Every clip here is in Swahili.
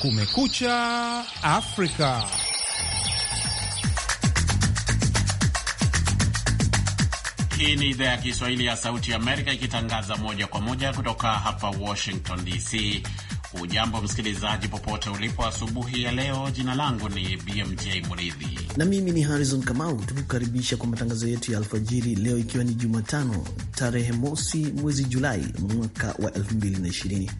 Kumekucha Afrika. Hii ni idhaa ya Kiswahili ya Sauti ya Amerika ikitangaza moja kwa moja kutoka hapa Washington DC. Ujambo msikilizaji, popote ulipo, asubuhi ya leo. Jina langu ni BMJ Muridhi na mimi ni Harrison Kamau, tukukaribisha kwa matangazo yetu ya alfajiri leo, ikiwa ni Jumatano tarehe mosi mwezi Julai mwaka wa 2020.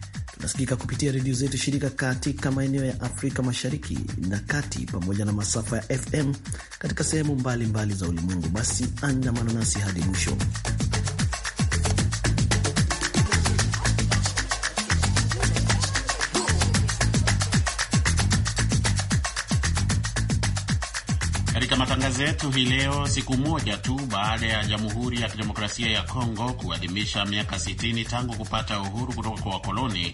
Nasikika kupitia redio zetu shirika katika maeneo ya Afrika Mashariki na Kati, pamoja na masafa ya FM katika sehemu mbalimbali za ulimwengu. Basi andamana nasi hadi mwisho. matangazo yetu hii leo, siku moja tu baada ya Jamhuri ya Kidemokrasia ya Kongo kuadhimisha miaka 60 tangu kupata uhuru kutoka kwa wakoloni,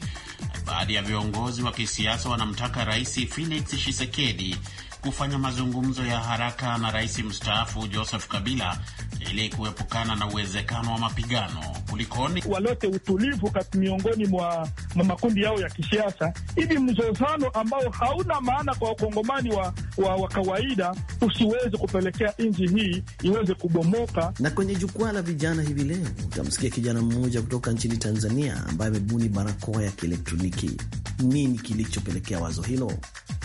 baadhi ya viongozi wa kisiasa wanamtaka Rais Felix Tshisekedi kufanya mazungumzo ya haraka na rais mstaafu Joseph Kabila ili kuepukana na uwezekano wa mapigano. Kulikoni walete utulivu kati miongoni mwa makundi yao ya kisiasa, ili mzozano ambao hauna maana kwa wakongomani wa, wa, wa kawaida usiweze kupelekea nchi hii iweze kubomoka. Na kwenye jukwaa la vijana hivi leo utamsikia kijana mmoja kutoka nchini Tanzania ambaye amebuni barakoa ya kielektroniki. Nini kilichopelekea wazo hilo?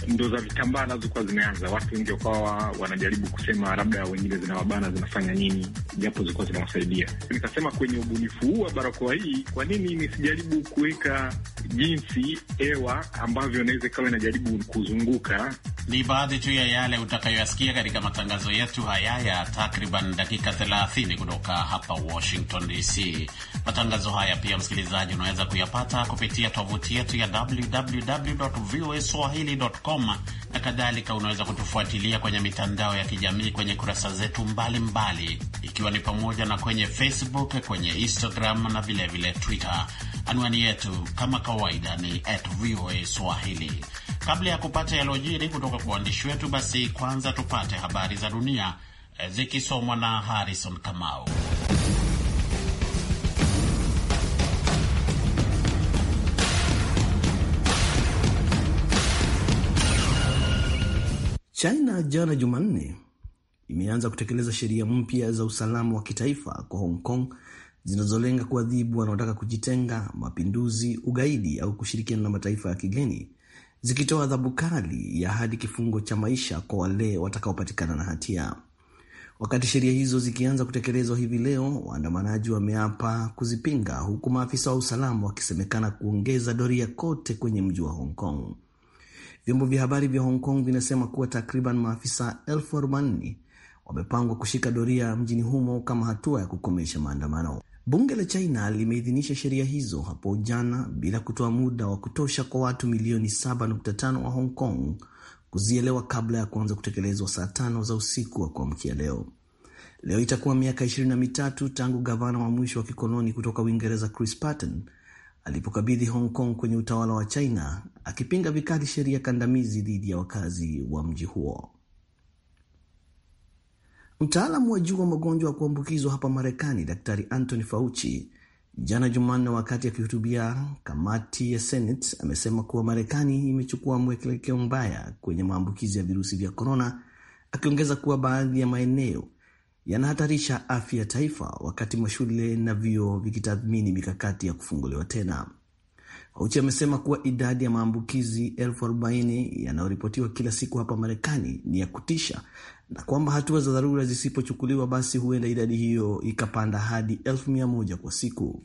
Ndo za vitambaa nazokuwa zime zimeanza, watu wengi wakawa wanajaribu kusema labda wengine zinawabana, zinafanya nini, japo zilikuwa zinawasaidia. Nikasema kwenye ubunifu huu wa barakoa hii, kwa nini nisijaribu kuweka jinsi hewa ambavyo inaweza ikawa inajaribu kuzunguka? Ni baadhi tu ya yale utakayoyasikia katika matangazo yetu haya ya takriban dakika 30 kutoka hapa Washington DC. Matangazo haya pia, msikilizaji, unaweza kuyapata kupitia tovuti yetu ya www voa com na kadhalika unaweza kutufuatilia kwenye mitandao ya kijamii kwenye kurasa zetu mbalimbali mbali, ikiwa ni pamoja na kwenye Facebook, kwenye Instagram na vilevile vile Twitter. Anwani yetu kama kawaida ni at VOA Swahili. Kabla ya kupata yalojiri kutoka kwa waandishi wetu, basi kwanza tupate habari za dunia eh, zikisomwa na Harrison Kamau. China jana Jumanne imeanza kutekeleza sheria mpya za usalama wa kitaifa kwa Hong Kong zinazolenga kuadhibu wanaotaka kujitenga, mapinduzi, ugaidi au kushirikiana na mataifa ya kigeni, zikitoa adhabu kali ya hadi kifungo cha maisha kwa wale watakaopatikana na hatia. Wakati sheria hizo zikianza kutekelezwa hivi leo, waandamanaji wameapa kuzipinga, huku maafisa wa usalama wakisemekana kuongeza doria kote kwenye mji wa Hong Kong. Vyombo vya habari vya Hong Kong vinasema kuwa takriban maafisa elfu arobaini wamepangwa kushika doria mjini humo kama hatua ya kukomesha maandamano. Bunge la China limeidhinisha sheria hizo hapo jana bila kutoa muda wa kutosha kwa watu milioni 7.5 wa Hong Kong kuzielewa kabla ya kuanza kutekelezwa saa tano za usiku wa kuamkia leo. Leo itakuwa miaka ishirini na mitatu tangu gavana wa mwisho wa kikoloni kutoka Uingereza Chris Patten alipokabidhi Hong Kong kwenye utawala wa China, akipinga vikali sheria kandamizi dhidi ya wakazi wa mji huo. Mtaalamu wa juu wa magonjwa ya kuambukizwa hapa Marekani, Daktari Anthony Fauci, jana Jumanne, wakati akihutubia kamati ya Senate, amesema kuwa Marekani imechukua mwelekeo mbaya kwenye maambukizi ya virusi vya korona, akiongeza kuwa baadhi ya maeneo yanahatarisha afya ya taifa, wakati mashule na vyuo vikitathmini mikakati ya kufunguliwa tena. Fauci amesema kuwa idadi ya maambukizi elfu arobaini yanayoripotiwa kila siku hapa Marekani ni ya kutisha na kwamba hatua za dharura zisipochukuliwa, basi huenda idadi hiyo ikapanda hadi elfu mia moja kwa siku.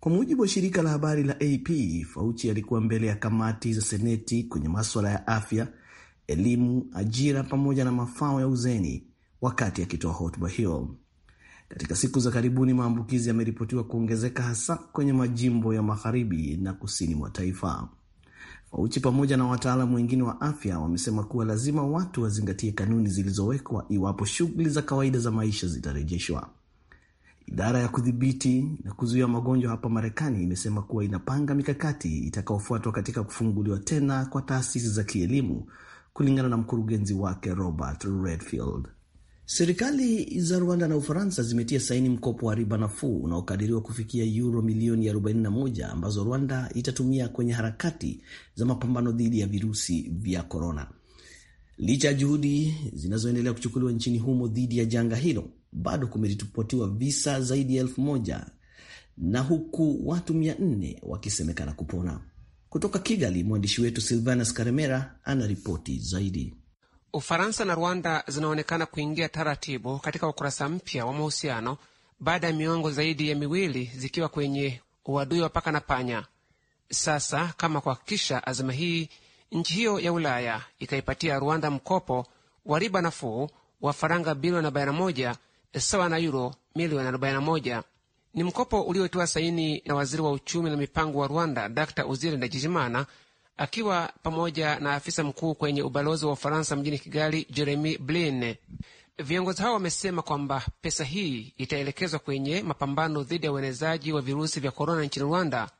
Kwa mujibu wa shirika la habari la AP, Fauchi alikuwa mbele ya kamati za Seneti kwenye maswala ya afya, elimu, ajira pamoja na mafao ya uzeni wakati akitoa hotuba hiyo. Katika siku za karibuni, maambukizi yameripotiwa kuongezeka hasa kwenye majimbo ya magharibi na kusini mwa taifa. Fauchi pamoja na wataalamu wengine wa afya wamesema kuwa lazima watu wazingatie kanuni zilizowekwa iwapo shughuli za kawaida za maisha zitarejeshwa. Idara ya kudhibiti na kuzuia magonjwa hapa Marekani imesema kuwa inapanga mikakati itakayofuatwa katika kufunguliwa tena kwa taasisi za kielimu, kulingana na mkurugenzi wake Robert Redfield. Serikali za Rwanda na Ufaransa zimetia saini mkopo wa riba nafuu unaokadiriwa kufikia yuro milioni 41 ambazo Rwanda itatumia kwenye harakati za mapambano dhidi ya virusi vya korona. Licha ya juhudi zinazoendelea kuchukuliwa nchini humo dhidi ya janga hilo, bado kumeripotiwa visa zaidi ya elfu moja na huku watu 4 wakisemekana kupona. Kutoka Kigali, mwandishi wetu Silvanus Karemera ana ripoti zaidi. Ufaransa na Rwanda zinaonekana kuingia taratibu katika ukurasa mpya wa mahusiano baada ya miongo zaidi ya miwili zikiwa kwenye uadui wa paka na panya. Sasa kama kuhakikisha azima hii, nchi hiyo ya Ulaya ikaipatia Rwanda mkopo wa riba nafuu wa faranga bilioni 41 sawa na yuro milioni 41. Ni mkopo uliotiwa saini na waziri wa uchumi na mipango wa Rwanda Dr Uzile Ndajijimana akiwa pamoja na afisa mkuu kwenye ubalozi wa Ufaransa mjini Kigali, Jeremy Blin. Viongozi hao wamesema kwamba pesa hii itaelekezwa kwenye mapambano dhidi ya uenezaji wa virusi vya korona nchini Rwanda.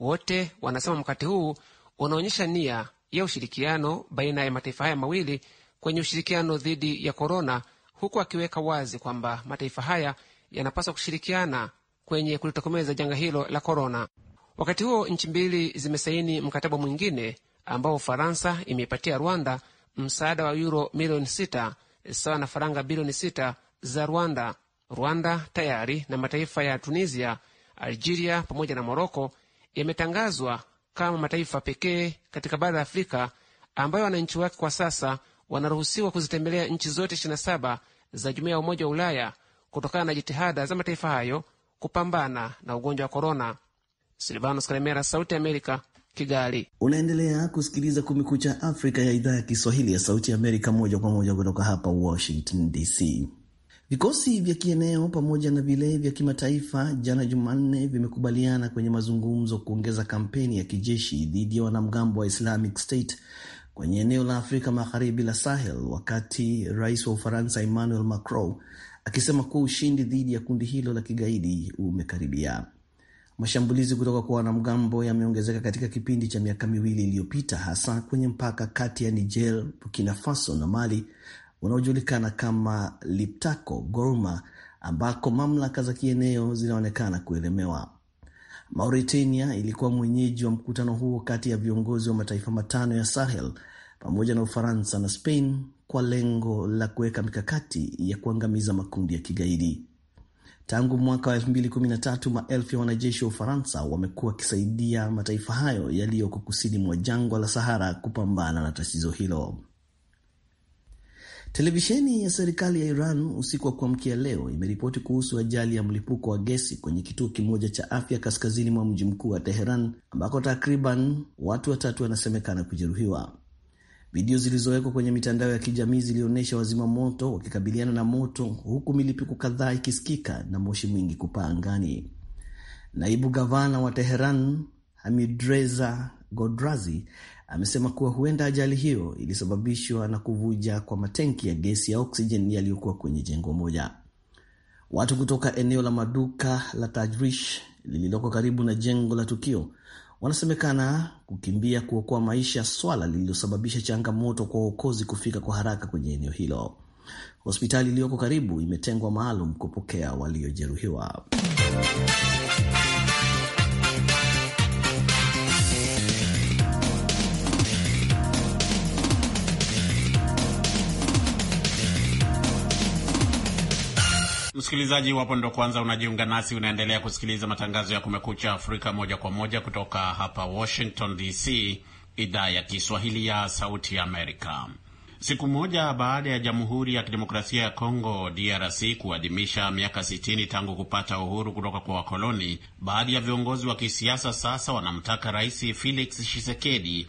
Wote wanasema mkakati huu unaonyesha nia ya ushirikiano baina ya mataifa haya mawili kwenye ushirikiano dhidi ya korona, huku akiweka wazi kwamba mataifa haya yanapaswa kushirikiana kwenye kulitokomeza janga hilo la korona. Wakati huo nchi mbili zimesaini mkataba mwingine ambao Ufaransa imeipatia Rwanda msaada wa yuro milioni sita sawa na faranga bilioni sita za Rwanda. Rwanda tayari na mataifa ya Tunisia, Algeria pamoja na Moroko yametangazwa kama mataifa pekee katika bara la Afrika ambayo wananchi wake kwa sasa wanaruhusiwa kuzitembelea nchi zote 27 za jumuiya ya Umoja wa Ulaya kutokana na jitihada za mataifa hayo kupambana na ugonjwa wa korona. Silvanos Karemera, Sauti Amerika, Kigali. Unaendelea kusikiliza Kumekucha Afrika ya idhaa ya Kiswahili ya Sauti Amerika, moja kwa moja kutoka hapa Washington DC. Vikosi vya kieneo pamoja na vile vya kimataifa jana Jumanne vimekubaliana kwenye mazungumzo kuongeza kampeni ya kijeshi dhidi ya wanamgambo wa Islamic State kwenye eneo la Afrika Magharibi la Sahel, wakati rais wa Ufaransa Emmanuel Macron akisema kuwa ushindi dhidi ya kundi hilo la kigaidi umekaribia. Mashambulizi kutoka kwa wanamgambo yameongezeka katika kipindi cha miaka miwili iliyopita, hasa kwenye mpaka kati ya Niger, Burkina Faso na Mali unaojulikana kama Liptako Gorma, ambako mamlaka za kieneo zinaonekana kuelemewa. Mauritania ilikuwa mwenyeji wa mkutano huo kati ya viongozi wa mataifa matano ya Sahel pamoja na Ufaransa na Spain kwa lengo la kuweka mikakati ya kuangamiza makundi ya kigaidi. Tangu mwaka wa 2013 maelfu ya wanajeshi wa Ufaransa wamekuwa wakisaidia mataifa hayo yaliyoko kusini mwa jangwa la Sahara kupambana na tatizo hilo. Televisheni ya serikali ya Iran usiku wa kuamkia leo imeripoti kuhusu ajali ya mlipuko wa gesi kwenye kituo kimoja cha afya kaskazini mwa mji mkuu wa Teheran, ambako takriban watu watatu wanasemekana kujeruhiwa. Video zilizowekwa kwenye mitandao ya kijamii zilionyesha wazima moto wakikabiliana na moto huku milipuko kadhaa ikisikika na moshi mwingi kupaa angani. Naibu gavana wa Teheran Hamidreza Godrazi amesema kuwa huenda ajali hiyo ilisababishwa na kuvuja kwa matenki ya gesi ya oksijen yaliyokuwa kwenye jengo moja. Watu kutoka eneo la maduka la Tajrish lililoko karibu na jengo la tukio wanasemekana kukimbia kuokoa maisha, swala lililosababisha changamoto kwa uokozi kufika kwa haraka kwenye eneo hilo. Hospitali iliyoko karibu imetengwa maalum kupokea waliojeruhiwa. Msikilizaji wapo ndo kwanza unajiunga nasi, unaendelea kusikiliza matangazo ya Kumekucha Afrika moja kwa moja kutoka hapa Washington DC, idhaa ya Kiswahili ya Sauti ya Amerika. Siku moja baada ya Jamhuri ya Kidemokrasia ya Kongo DRC kuadhimisha miaka 60 tangu kupata uhuru kutoka kwa wakoloni, baadhi ya viongozi wa kisiasa sasa wanamtaka Rais Felix Tshisekedi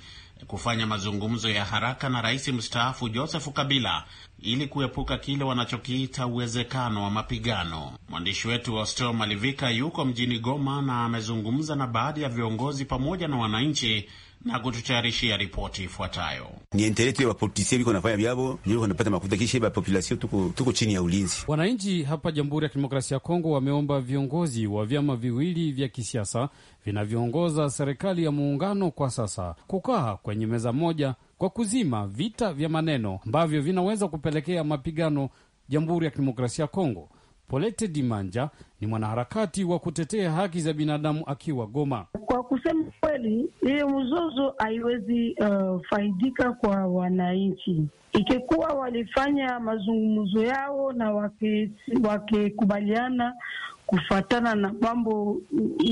kufanya mazungumzo ya haraka na rais mstaafu Joseph Kabila ili kuepuka kile wanachokiita uwezekano wa mapigano. Mwandishi wetu Osteo Malivika yuko mjini Goma na amezungumza na baadhi ya viongozi pamoja na wananchi na kututayarishia ripoti ifuatayo. Ni endelee ya wapolitisia biko nafanya vyavo ndio wanapata makuta kisha ba tuko, tuko chini ya ulinzi. Wananchi hapa Jamhuri ya Kidemokrasia ya Kongo wameomba viongozi wa vyama viwili vya kisiasa vinavyoongoza serikali ya muungano kwa sasa kukaa kwenye meza moja kwa kuzima vita vya maneno ambavyo vinaweza kupelekea mapigano Jamhuri ya Kidemokrasia ya Kongo. Polete Dimanja ni mwanaharakati wa kutetea haki za binadamu akiwa Goma. Kwa kusema kweli, hiyo mzozo haiwezi uh, faidika kwa wananchi. Ikikuwa walifanya mazungumzo yao na wakikubaliana kufatana na mambo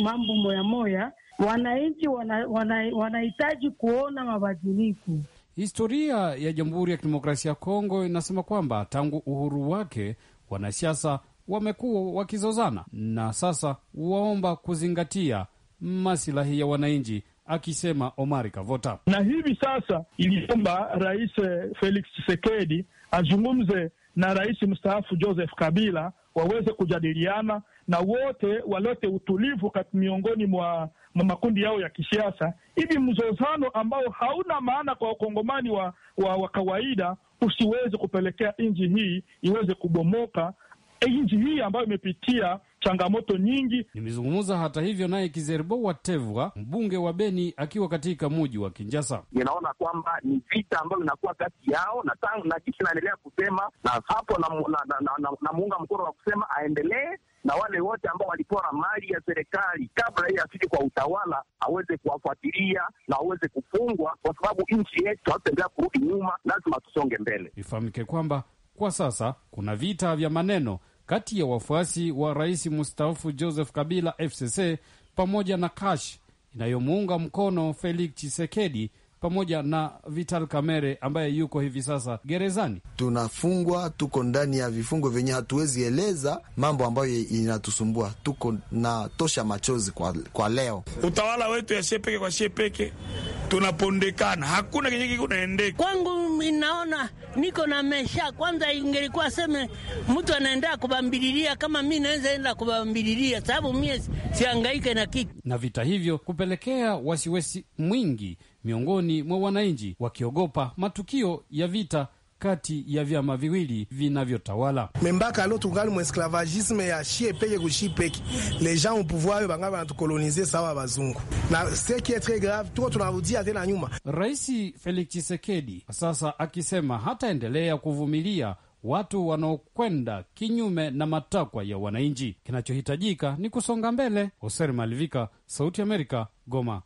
mambo moya moya, wananchi wanahitaji wana, wana kuona mabadiliko. Historia ya Jamhuri ya Kidemokrasia ya Kongo inasema kwamba tangu uhuru wake wanasiasa wamekuwa wakizozana na sasa waomba kuzingatia masilahi ya wananchi, akisema Omari Kavota. Na hivi sasa iliomba Rais eh, Felix chisekedi azungumze na rais mstaafu Joseph Kabila waweze kujadiliana na wote walete utulivu kati miongoni mwa makundi yao ya kisiasa, ili mzozano ambao hauna maana kwa wakongomani wa, wa, wa kawaida usiweze kupelekea nchi hii iweze kubomoka E, nchi hii ambayo imepitia changamoto nyingi. Nimezungumza hata hivyo naye Kizerbo Watevwa, mbunge wa Beni, akiwa katika muji wa Kinjasa. Ninaona kwamba ni vita ambayo inakuwa kati yao na tangu na kisi naendelea kusema na hapo namuunga na, na, na, na, na mkono wa kusema aendelee na wale wote ambao walipora mali ya serikali kabla hiye afike kwa utawala aweze kuwafuatilia na aweze kufungwa, kwa sababu nchi yetu hatutaendelea kurudi nyuma, lazima tusonge mbele. Ifahamike kwamba kwa sasa kuna vita vya maneno kati ya wafuasi wa rais mstaafu Joseph Kabila FCC pamoja na Kash inayomuunga mkono Felix chisekedi pamoja na Vital Kamere ambaye yuko hivi sasa gerezani. Tunafungwa, tuko ndani ya vifungo vyenye hatuwezi eleza mambo ambayo inatusumbua, tuko na tosha machozi kwa, kwa leo. Utawala wetu ya shepeke kwa shepeke tunapondekana, hakuna kenye kikunaendeka. Kwangu inaona niko na mesha kwanza, ingelikuwa seme mtu anaendea kubambililia kama mi naweza enda kubambililia, sababu mie siangaike na kiki na vita hivyo kupelekea wasiwasi mwingi miongoni mwa wananchi wakiogopa matukio ya vita kati ya vyama viwili vinavyotawala membaka alo tungali esclavagisme ya shie peke kushi peke les gens au pouvoir bangali wanatukolonize sawa bazungu na ce qui est tres grave tuko tunarudia tena nyuma. Rais Felix Tshisekedi sasa akisema hataendelea kuvumilia watu wanaokwenda kinyume na matakwa ya wananchi. Kinachohitajika ni kusonga mbele. Hoser Malivika, Sauti Amerika, Goma.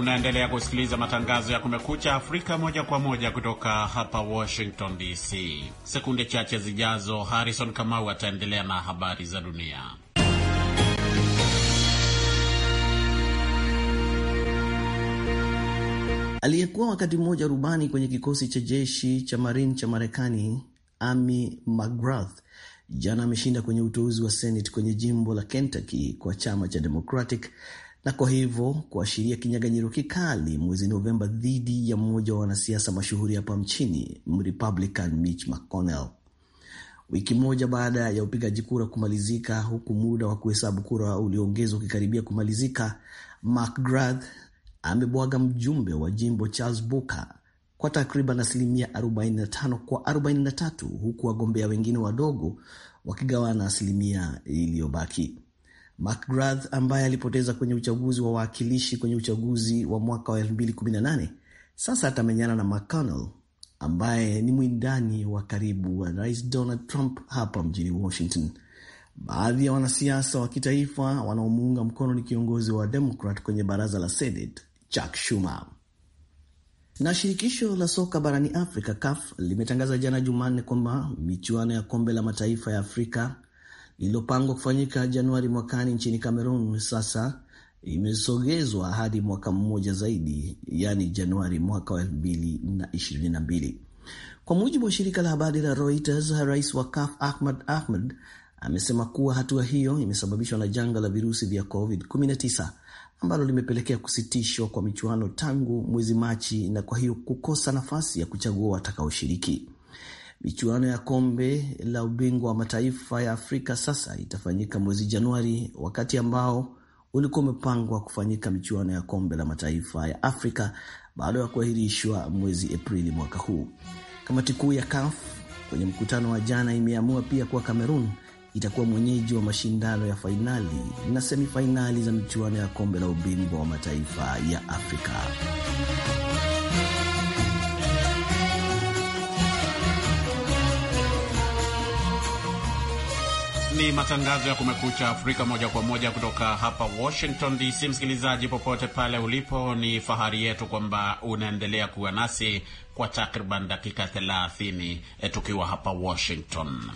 Unaendelea kusikiliza matangazo ya Kumekucha Afrika moja kwa moja kutoka hapa Washington DC. Sekunde chache zijazo, Harrison Kamau ataendelea na habari za dunia. Aliyekuwa wakati mmoja rubani kwenye kikosi cha jeshi cha Marine cha Marekani Amy McGrath jana ameshinda kwenye uteuzi wa Senate kwenye jimbo la Kentucky kwa chama cha Democratic na kwa hivyo kuashiria kinyaganyiro kikali mwezi Novemba dhidi ya mmoja wa wanasiasa mashuhuri hapa mchini Mrepublican Mitch McConnell. Wiki moja baada ya upigaji kura kumalizika, huku muda wa kuhesabu kura ulioongezwa ukikaribia kumalizika, McGrath amebwaga mjumbe wa jimbo Charles Booker kwa takriban asilimia 45 kwa 43, huku wagombea wengine wadogo wakigawana asilimia iliyobaki. McGrath ambaye alipoteza kwenye uchaguzi wa wawakilishi kwenye uchaguzi wa mwaka wa 2018 sasa atamenyana na McConnell ambaye ni mwindani wa karibu wa Rais Donald Trump hapa mjini Washington. Baadhi ya wanasiasa wa kitaifa wanaomuunga mkono ni kiongozi wa Demokrat kwenye baraza la Senate Chuck Schumer. Na shirikisho la soka barani Afrika CAF limetangaza jana Jumanne kwamba michuano ya kombe la mataifa ya Afrika lililopangwa kufanyika Januari mwakani nchini Cameroon sasa imesogezwa hadi mwaka mmoja zaidi, yani Januari mwaka wa 2022. Kwa mujibu wa shirika la habari la Reuters, rais wa CAF Ahmad Ahmed amesema kuwa hatua hiyo imesababishwa na janga la virusi vya COVID-19 ambalo limepelekea kusitishwa kwa michuano tangu mwezi Machi na kwa hiyo kukosa nafasi ya kuchagua watakaoshiriki. Michuano ya kombe la ubingwa wa mataifa ya Afrika sasa itafanyika mwezi Januari, wakati ambao ulikuwa umepangwa kufanyika michuano ya kombe la mataifa ya Afrika baada ya kuahirishwa mwezi Aprili mwaka huu. Kamati kuu ya CAF kwenye mkutano wa jana imeamua pia kuwa Kamerun itakuwa mwenyeji wa mashindano ya fainali na semifainali za michuano ya kombe la ubingwa wa mataifa ya Afrika. ni matangazo ya Kumekucha Afrika moja kwa moja kutoka hapa Washington DC. Msikilizaji popote pale ulipo, ni fahari yetu kwamba unaendelea kuwa nasi kwa takriban dakika 30 eh, tukiwa hapa Washington.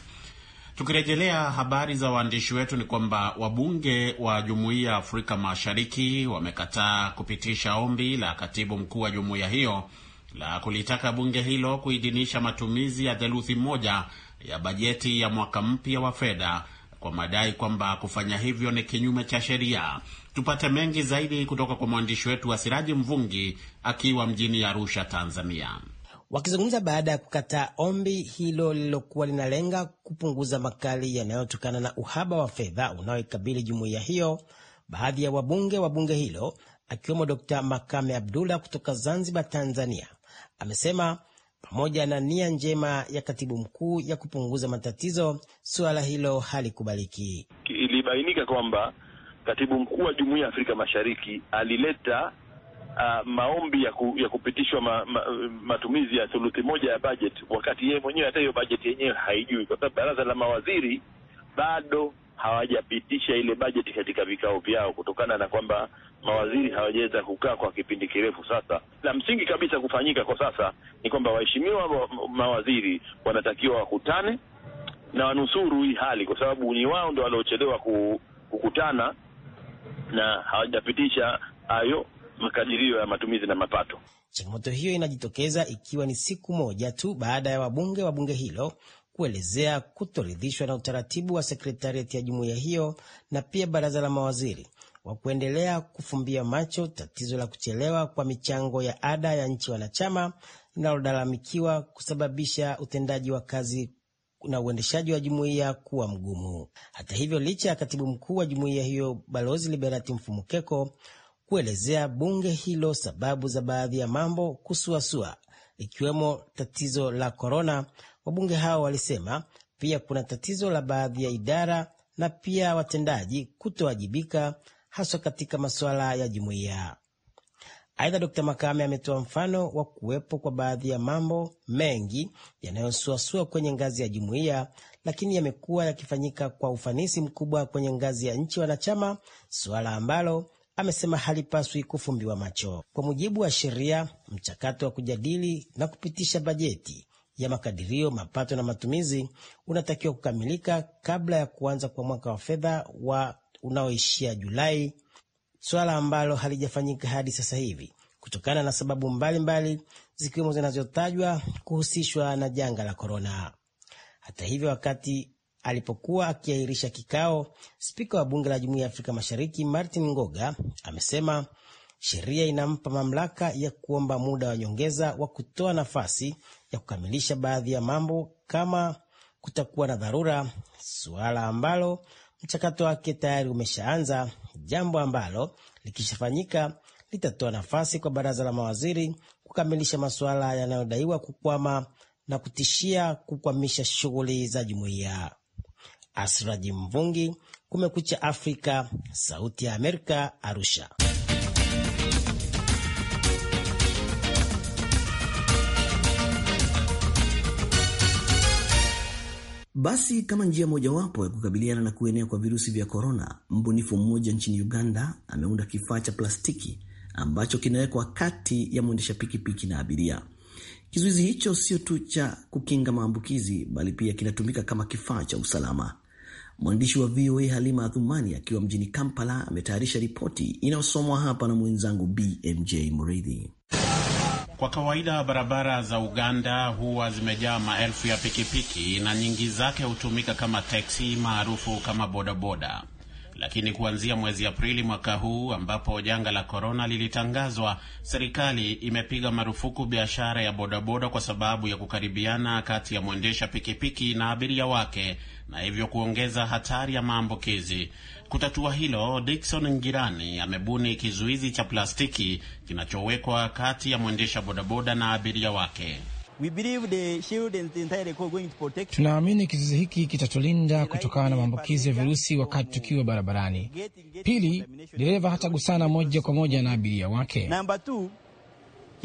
Tukirejelea habari za waandishi wetu ni kwamba wabunge wa Jumuiya ya Afrika Mashariki wamekataa kupitisha ombi la katibu mkuu wa jumuiya hiyo la kulitaka bunge hilo kuidhinisha matumizi ya theluthi moja ya bajeti ya mwaka mpya wa fedha kwa madai kwamba kufanya hivyo ni kinyume cha sheria. Tupate mengi zaidi kutoka kwa mwandishi wetu Siraji Mvungi akiwa mjini Arusha, Tanzania. Wakizungumza baada ya kukataa ombi hilo lililokuwa linalenga kupunguza makali yanayotokana na uhaba wa fedha unaoikabili jumuiya hiyo, baadhi ya wabunge wa bunge hilo akiwemo Dr Makame Abdullah kutoka Zanzibar, Tanzania, amesema pamoja na nia njema ya katibu mkuu ya kupunguza matatizo, suala hilo halikubaliki. Ilibainika kwamba katibu mkuu wa Jumuiya ya Afrika Mashariki alileta uh, maombi ya, ku, ya kupitishwa ma, ma, matumizi ya thuluthi moja ya bajeti, wakati yeye mwenyewe hata hiyo bajeti yenyewe haijui, kwa sababu baraza la mawaziri bado hawajapitisha ile bajeti katika vikao vyao, kutokana na kwamba mawaziri hawajaweza kukaa kwa kipindi kirefu sasa. La msingi kabisa kufanyika kwa sasa ni kwamba waheshimiwa mawaziri wanatakiwa wakutane na wanusuru hii hali, kwa sababu ni wao ndo waliochelewa kukutana na hawajapitisha hayo makadirio ya matumizi na mapato. Changamoto hiyo inajitokeza ikiwa ni siku moja tu baada ya wabunge wa bunge hilo kuelezea kutoridhishwa na utaratibu wa sekretarieti ya jumuiya hiyo na pia baraza la mawaziri wa kuendelea kufumbia macho tatizo la kuchelewa kwa michango ya ada ya nchi wanachama linalolalamikiwa kusababisha utendaji wa kazi na uendeshaji wa jumuiya kuwa mgumu. Hata hivyo, licha ya katibu mkuu wa jumuiya hiyo Balozi Liberati Mfumukeko kuelezea bunge hilo sababu za baadhi ya mambo kusuasua, ikiwemo tatizo la korona, wabunge hao walisema pia kuna tatizo la baadhi ya idara na pia watendaji kutowajibika haswa katika masuala ya jumuiya. Aidha, Dkt Makame ametoa mfano wa kuwepo kwa baadhi ya mambo mengi yanayosuasua kwenye ngazi ya jumuiya, lakini yamekuwa yakifanyika kwa ufanisi mkubwa kwenye ngazi ya nchi wanachama, suala ambalo amesema halipaswi kufumbiwa macho. Kwa mujibu wa sheria, mchakato wa kujadili na kupitisha bajeti ya makadirio, mapato na matumizi unatakiwa kukamilika kabla ya kuanza kwa mwaka wa fedha wa unaoishia Julai, swala ambalo halijafanyika hadi sasa hivi kutokana na sababu mbalimbali zikiwemo zinazotajwa kuhusishwa na janga la korona. Hata hivyo, wakati alipokuwa akiahirisha kikao, spika wa bunge la jumuiya ya Afrika Mashariki Martin Ngoga amesema sheria inampa mamlaka ya kuomba muda wa nyongeza wa kutoa nafasi ya kukamilisha baadhi ya mambo kama kutakuwa na dharura, suala ambalo mchakato wake tayari umeshaanza, jambo ambalo likishafanyika litatoa nafasi kwa baraza la mawaziri kukamilisha masuala yanayodaiwa kukwama na kutishia kukwamisha shughuli za jumuiya. Asraji Mvungi, Kumekucha Afrika, Sauti ya Amerika, Arusha. Basi kama njia mojawapo ya kukabiliana na kuenea kwa virusi vya korona, mbunifu mmoja nchini Uganda ameunda kifaa cha plastiki ambacho kinawekwa kati ya mwendesha pikipiki na abiria. Kizuizi hicho sio tu cha kukinga maambukizi, bali pia kinatumika kama kifaa cha usalama. Mwandishi wa VOA Halima Adhumani akiwa mjini Kampala ametayarisha ripoti inayosomwa hapa na mwenzangu BMJ Mridhi. Kwa kawaida barabara za Uganda huwa zimejaa maelfu ya pikipiki na nyingi zake hutumika kama teksi maarufu kama bodaboda. Lakini kuanzia mwezi Aprili mwaka huu ambapo janga la korona lilitangazwa, serikali imepiga marufuku biashara ya bodaboda kwa sababu ya kukaribiana kati ya mwendesha pikipiki na abiria wake na hivyo kuongeza hatari ya maambukizi. Kutatua hilo, Dickson Ngirani amebuni kizuizi cha plastiki kinachowekwa kati ya mwendesha bodaboda na abiria wake. Tunaamini kizuizi hiki kitatulinda kutokana na maambukizi ya virusi wakati tukiwa barabarani. Pili, dereva hatagusana moja kwa moja na abiria wake. Number two,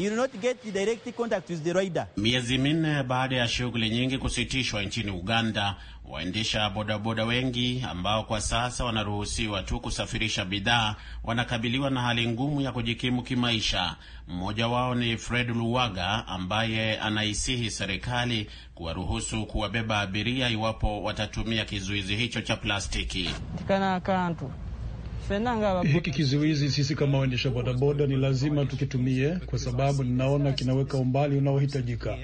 you will not get direct contact with the rider. Miezi minne baada ya shughuli nyingi kusitishwa nchini Uganda, waendesha bodaboda wengi ambao kwa sasa wanaruhusiwa tu kusafirisha bidhaa wanakabiliwa na hali ngumu ya kujikimu kimaisha. Mmoja wao ni Fred Luwaga ambaye anaisihi serikali kuwaruhusu kuwabeba abiria iwapo watatumia kizuizi hicho cha plastiki. Tikana kantu hiki kizuizi sisi kama waendesha bodaboda ni lazima tukitumie, kwa sababu ninaona kinaweka umbali unaohitajika.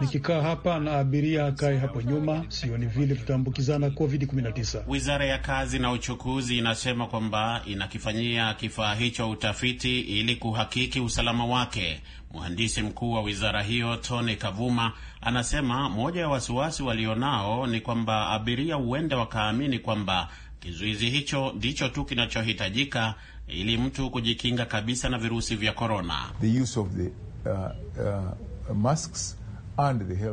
Nikikaa hapa na abiria akae hapo nyuma, sioni vile tutaambukizana COVID-19. Wizara ya Kazi na Uchukuzi inasema kwamba inakifanyia kifaa hicho utafiti ili kuhakiki usalama wake. Mhandisi mkuu wa wizara hiyo Tony Kavuma anasema moja ya wasiwasi walionao ni kwamba abiria huenda wakaamini kwamba Kizuizi hicho ndicho tu kinachohitajika ili mtu kujikinga kabisa na virusi vya korona. Uh, uh,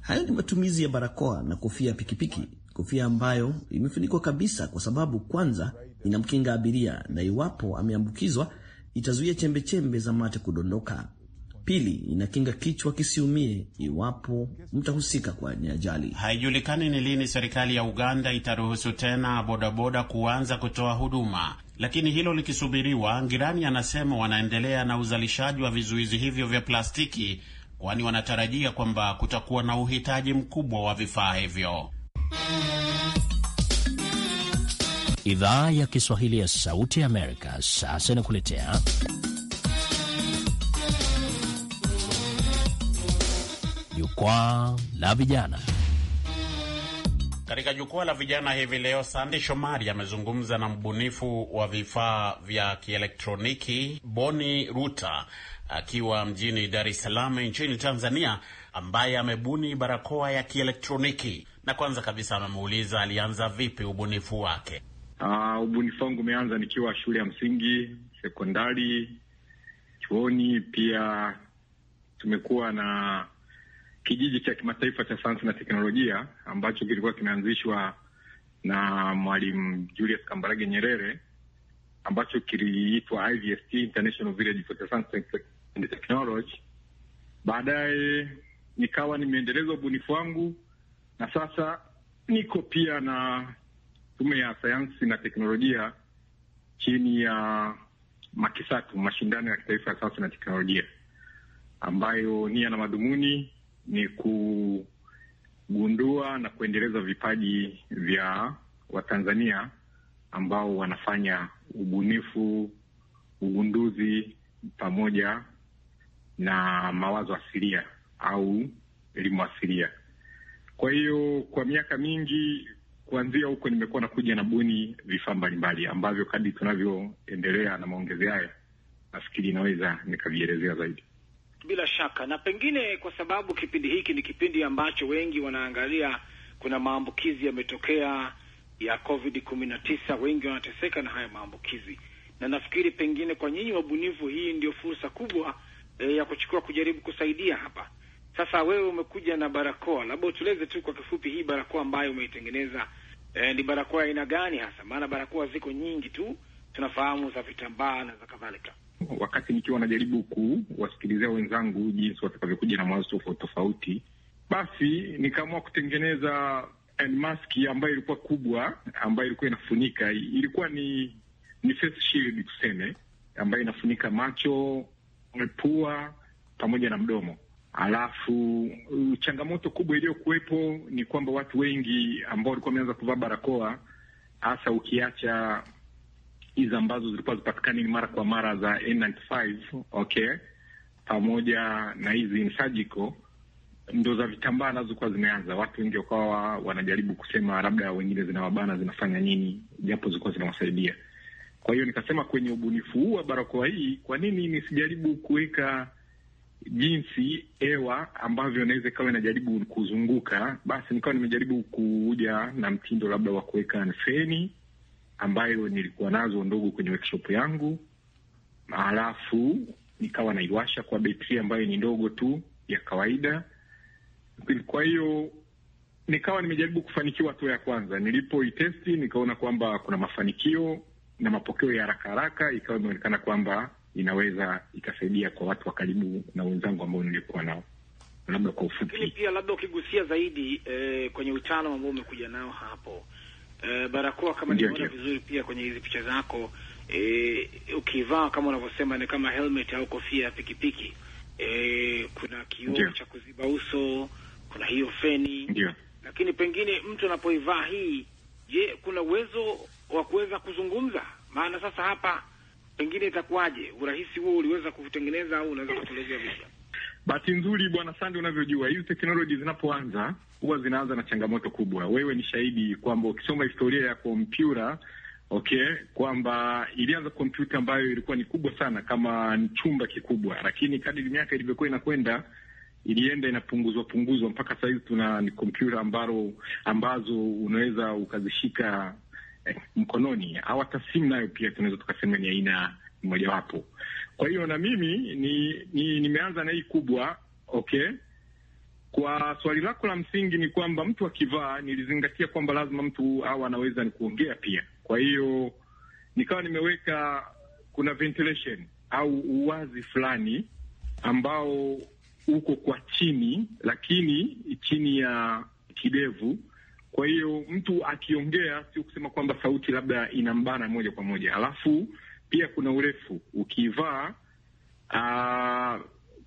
Hayo ni matumizi ya barakoa na kofia pikipiki, kofia ambayo imefunikwa kabisa, kwa sababu kwanza inamkinga abiria, na iwapo ameambukizwa itazuia chembechembe za mate kudondoka. Pili, inakinga kichwa kisiumie iwapo mtahusika kwa ajali. Haijulikani ni lini serikali ya Uganda itaruhusu tena bodaboda kuanza kutoa huduma, lakini hilo likisubiriwa, Ngirani anasema wanaendelea na uzalishaji wa vizuizi hivyo vya plastiki, kwani wanatarajia kwamba kutakuwa na uhitaji mkubwa wa vifaa hivyo. Idhaa ya Kiswahili ya Sauti Amerika sasa inakuletea jukwaa la vijana. Katika jukwaa la vijana hivi leo, Sandi Shomari amezungumza na mbunifu wa vifaa vya kielektroniki Boni Ruta akiwa mjini Dar es Salaam nchini Tanzania, ambaye amebuni barakoa ya kielektroniki. Na kwanza kabisa amemuuliza alianza vipi ubunifu wake. Uh, ubunifu wangu umeanza nikiwa shule ya msingi, sekondari, chuoni. Pia tumekuwa na kijiji cha kimataifa cha sayansi na teknolojia ambacho kilikuwa kimeanzishwa na Mwalimu Julius Kambarage Nyerere ambacho kiliitwa IVST, International Village for Science and Technology. Baadaye nikawa nimeendeleza ubunifu wangu na sasa niko pia na tume ya sayansi na teknolojia chini ya MAKISATU, mashindano ya kitaifa ya sayansi na teknolojia ambayo nia na madhumuni ni kugundua na kuendeleza vipaji vya Watanzania ambao wanafanya ubunifu, ugunduzi pamoja na mawazo asilia au elimu asilia. Kwa hiyo kwa miaka mingi kuanzia huko nimekuwa nakuja na buni vifaa mbalimbali ambavyo kadri tunavyoendelea na maongezi haya, nafikiri inaweza nikavielezea zaidi bila shaka, na pengine kwa sababu kipindi hiki ni kipindi ambacho wengi wanaangalia, kuna maambukizi yametokea ya COVID kumi na tisa, wengi wanateseka na haya maambukizi, na nafikiri pengine kwa nyinyi wabunifu, hii ndio fursa kubwa e, ya kuchukua kujaribu kusaidia hapa. Sasa wewe umekuja na barakoa, labda utueleze tu kwa kifupi hii barakoa ambayo umeitengeneza e, ni barakoa aina gani hasa? Maana barakoa ziko nyingi tu tunafahamu, za vitambaa na za kadhalika wakati nikiwa najaribu kuwasikilizia wenzangu jinsi watakavyokuja na mawazo tofauti tofauti, basi nikaamua kutengeneza mask ambayo ilikuwa kubwa, ambayo ilikuwa inafunika, ilikuwa ni ni face shield tuseme, ambayo inafunika macho, pua pamoja na mdomo. Alafu uh, changamoto kubwa iliyokuwepo ni kwamba watu wengi ambao walikuwa wameanza kuvaa barakoa, hasa ukiacha hizi ambazo zilikuwa zipatikani mara kwa mara za N95, okay, pamoja na hizi insurgical ndo za vitambaa nazo kuwa zimeanza. Watu wengi wakawa wanajaribu kusema labda wengine zinawabana zinafanya nini, japo zilikuwa zinawasaidia. Kwa hiyo nikasema kwenye ubunifu huu wa barakoa hii, kwa nini nisijaribu kuweka jinsi hewa ambavyo inaweza ikawa inajaribu kuzunguka? Basi nikawa nimejaribu kuja na mtindo labda wa kuweka feni ambayo nilikuwa nazo ndogo kwenye workshop yangu, halafu nikawa naiwasha kwa betri ambayo ni ndogo tu ya kawaida. Kwa hiyo nikawa nimejaribu kufanikiwa hatua ya kwanza. Nilipoitesti nikaona kwamba kuna mafanikio na mapokeo ya haraka haraka, ikawa imeonekana kwamba inaweza ikasaidia kwa watu wa karibu na wenzangu ambao nilikuwa nao. Labda kwa ufupi, pia labda ukigusia zaidi eh, kwenye utaalam ambao umekuja nao hapo Eh, barakoa kama nimeona vizuri pia kwenye hizi picha zako e, ukivaa kama unavyosema ni kama helmet au kofia ya pikipiki e, kuna kioo cha kuziba uso, kuna hiyo feni Ndiyo. Lakini pengine mtu anapoivaa hii, je, kuna uwezo wa kuweza kuzungumza? Maana sasa hapa pengine itakuwaje? Urahisi huo uliweza kutengeneza au unaweza kutuelezea vipi? Bahati nzuri bwana Sande, unavyojua hizi teknoloji zinapoanza huwa zinaanza na changamoto kubwa. Wewe ni shahidi kwamba ukisoma historia ya kompyuta okay, kwamba ilianza kompyuta ambayo ilikuwa ni kubwa sana kama ni chumba kikubwa, lakini kadiri miaka ilivyokuwa inakwenda ilienda inapunguzwa punguzwa mpaka sahizi tuna ni kompyuta ambalo ambazo unaweza ukazishika eh, mkononi au hata simu nayo pia tunaweza tukasema ni aina mojawapo kwa hiyo na mimi ni, ni nimeanza na hii kubwa okay. Kwa swali lako la msingi ni kwamba mtu akivaa, nilizingatia kwamba lazima mtu au anaweza ni kuongea pia, kwa hiyo nikawa nimeweka kuna ventilation au uwazi fulani ambao uko kwa chini, lakini chini ya kidevu. Kwa hiyo mtu akiongea, sio kusema kwamba sauti labda inambana moja kwa moja, alafu pia kuna urefu. Ukivaa ah,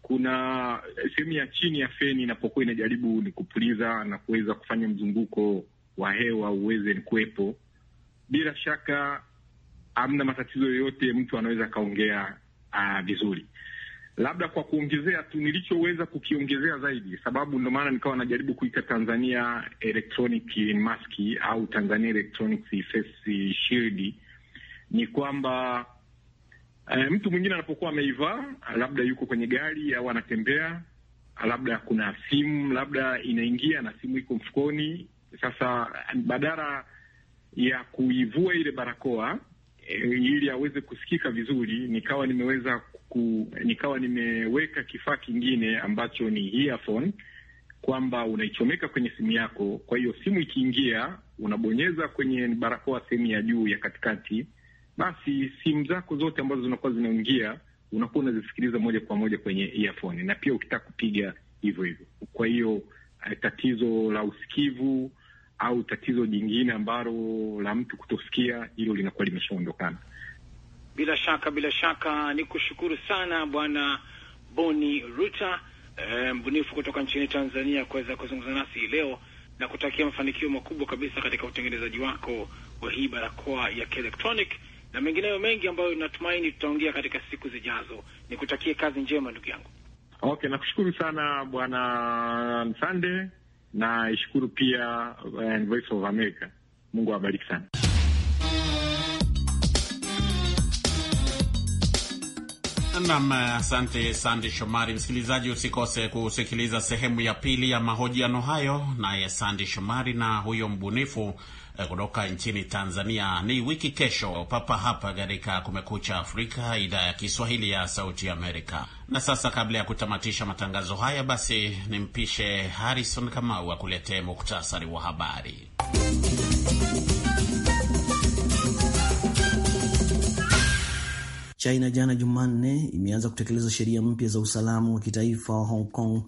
kuna sehemu ya chini ya feni inapokuwa inajaribu ni kupuliza na kuweza kufanya mzunguko wa hewa uweze ni kuwepo. Bila shaka amna matatizo yoyote, mtu anaweza akaongea ah, vizuri. Labda kwa kuongezea tu nilichoweza kukiongezea zaidi, sababu ndo maana nikawa najaribu kuita Tanzania Electronic Mask au Tanzania Electronic Face Shield ni kwamba e, mtu mwingine anapokuwa ameivaa, labda yuko kwenye gari au anatembea, labda kuna simu labda inaingia na simu iko mfukoni. Sasa badala ya kuivua ile barakoa e, ili aweze kusikika vizuri, nikawa nimeweza ku, nikawa nimeweka kifaa kingine ambacho ni earphone kwamba unaichomeka kwenye simu yako. Kwa hiyo simu ikiingia, unabonyeza kwenye barakoa sehemu ya juu ya katikati, basi simu zako zote ambazo zinakuwa zinaingia unakuwa unazisikiliza moja kwa moja kwenye earphone, na pia ukitaka kupiga hivyo hivyo. Kwa hiyo eh, tatizo la usikivu au tatizo jingine ambalo la mtu kutosikia, hilo linakuwa limeshaondokana. Bila shaka, bila shaka ni kushukuru sana Bwana Boni Ruta, eh, mbunifu kutoka nchini Tanzania, kuweza kuzungumza nasi hii leo na kutakia mafanikio makubwa kabisa katika utengenezaji wako wa hii barakoa ya kielektroniki na mengineyo mengi ambayo natumaini tutaongea katika siku zijazo. Nikutakie kazi njema ndugu yangu. Okay, nakushukuru sana Bwana Nsande na ishukuru pia uh, Voice of America. Mungu awabariki sana. Nam, asante Sande Shomari. Msikilizaji, usikose kusikiliza sehemu ya pili ya mahojiano hayo naye Sande Shomari na huyo mbunifu eh, kutoka nchini Tanzania ni wiki kesho, papa hapa katika Kumekucha Afrika, idhaa ya Kiswahili ya Sauti Amerika. Na sasa kabla ya kutamatisha matangazo haya, basi nimpishe Harrison Kamau akuletee muktasari wa habari. China jana Jumanne imeanza kutekeleza sheria mpya za usalama wa kitaifa wa Hong Kong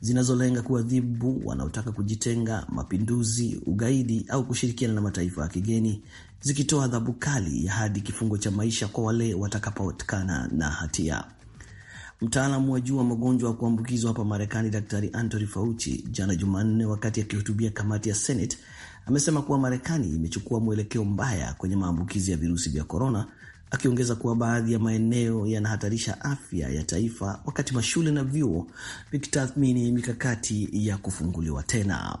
zinazolenga kuadhibu wanaotaka kujitenga, mapinduzi, ugaidi au kushirikiana na mataifa ya kigeni, zikitoa adhabu kali ya hadi kifungo cha maisha kwa wale watakapopatikana na hatia. Mtaalamu wa juu wa magonjwa ya kuambukizwa hapa Marekani, Daktari Anthony Fauci, jana Jumanne, wakati akihutubia kamati ya Senate, amesema kuwa Marekani imechukua mwelekeo mbaya kwenye maambukizi ya virusi vya korona akiongeza kuwa baadhi ya maeneo yanahatarisha afya ya taifa, wakati mashule na vyuo vikitathmini mikakati ya kufunguliwa tena.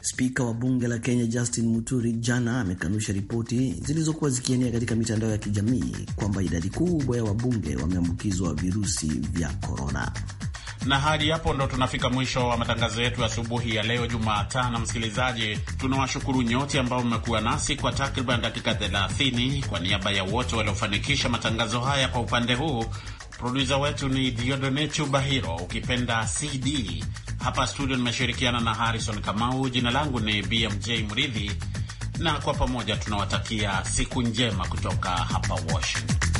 Spika wa bunge la Kenya Justin Muturi jana amekanusha ripoti zilizokuwa zikienea katika mitandao ya kijamii kwamba idadi kubwa ya wabunge wameambukizwa virusi vya korona. Na hadi hapo ndo tunafika mwisho wa matangazo yetu asubuhi ya leo Jumatano. Msikilizaji, tunawashukuru nyote ambao mmekuwa nasi kwa takriban dakika 30. Kwa niaba ya wote waliofanikisha matangazo haya kwa upande huu, produsa wetu ni Diodone Chubahiro, ukipenda CD. Hapa studio nimeshirikiana na Harrison Kamau. Jina langu ni BMJ Mridhi, na kwa pamoja tunawatakia siku njema kutoka hapa Washington.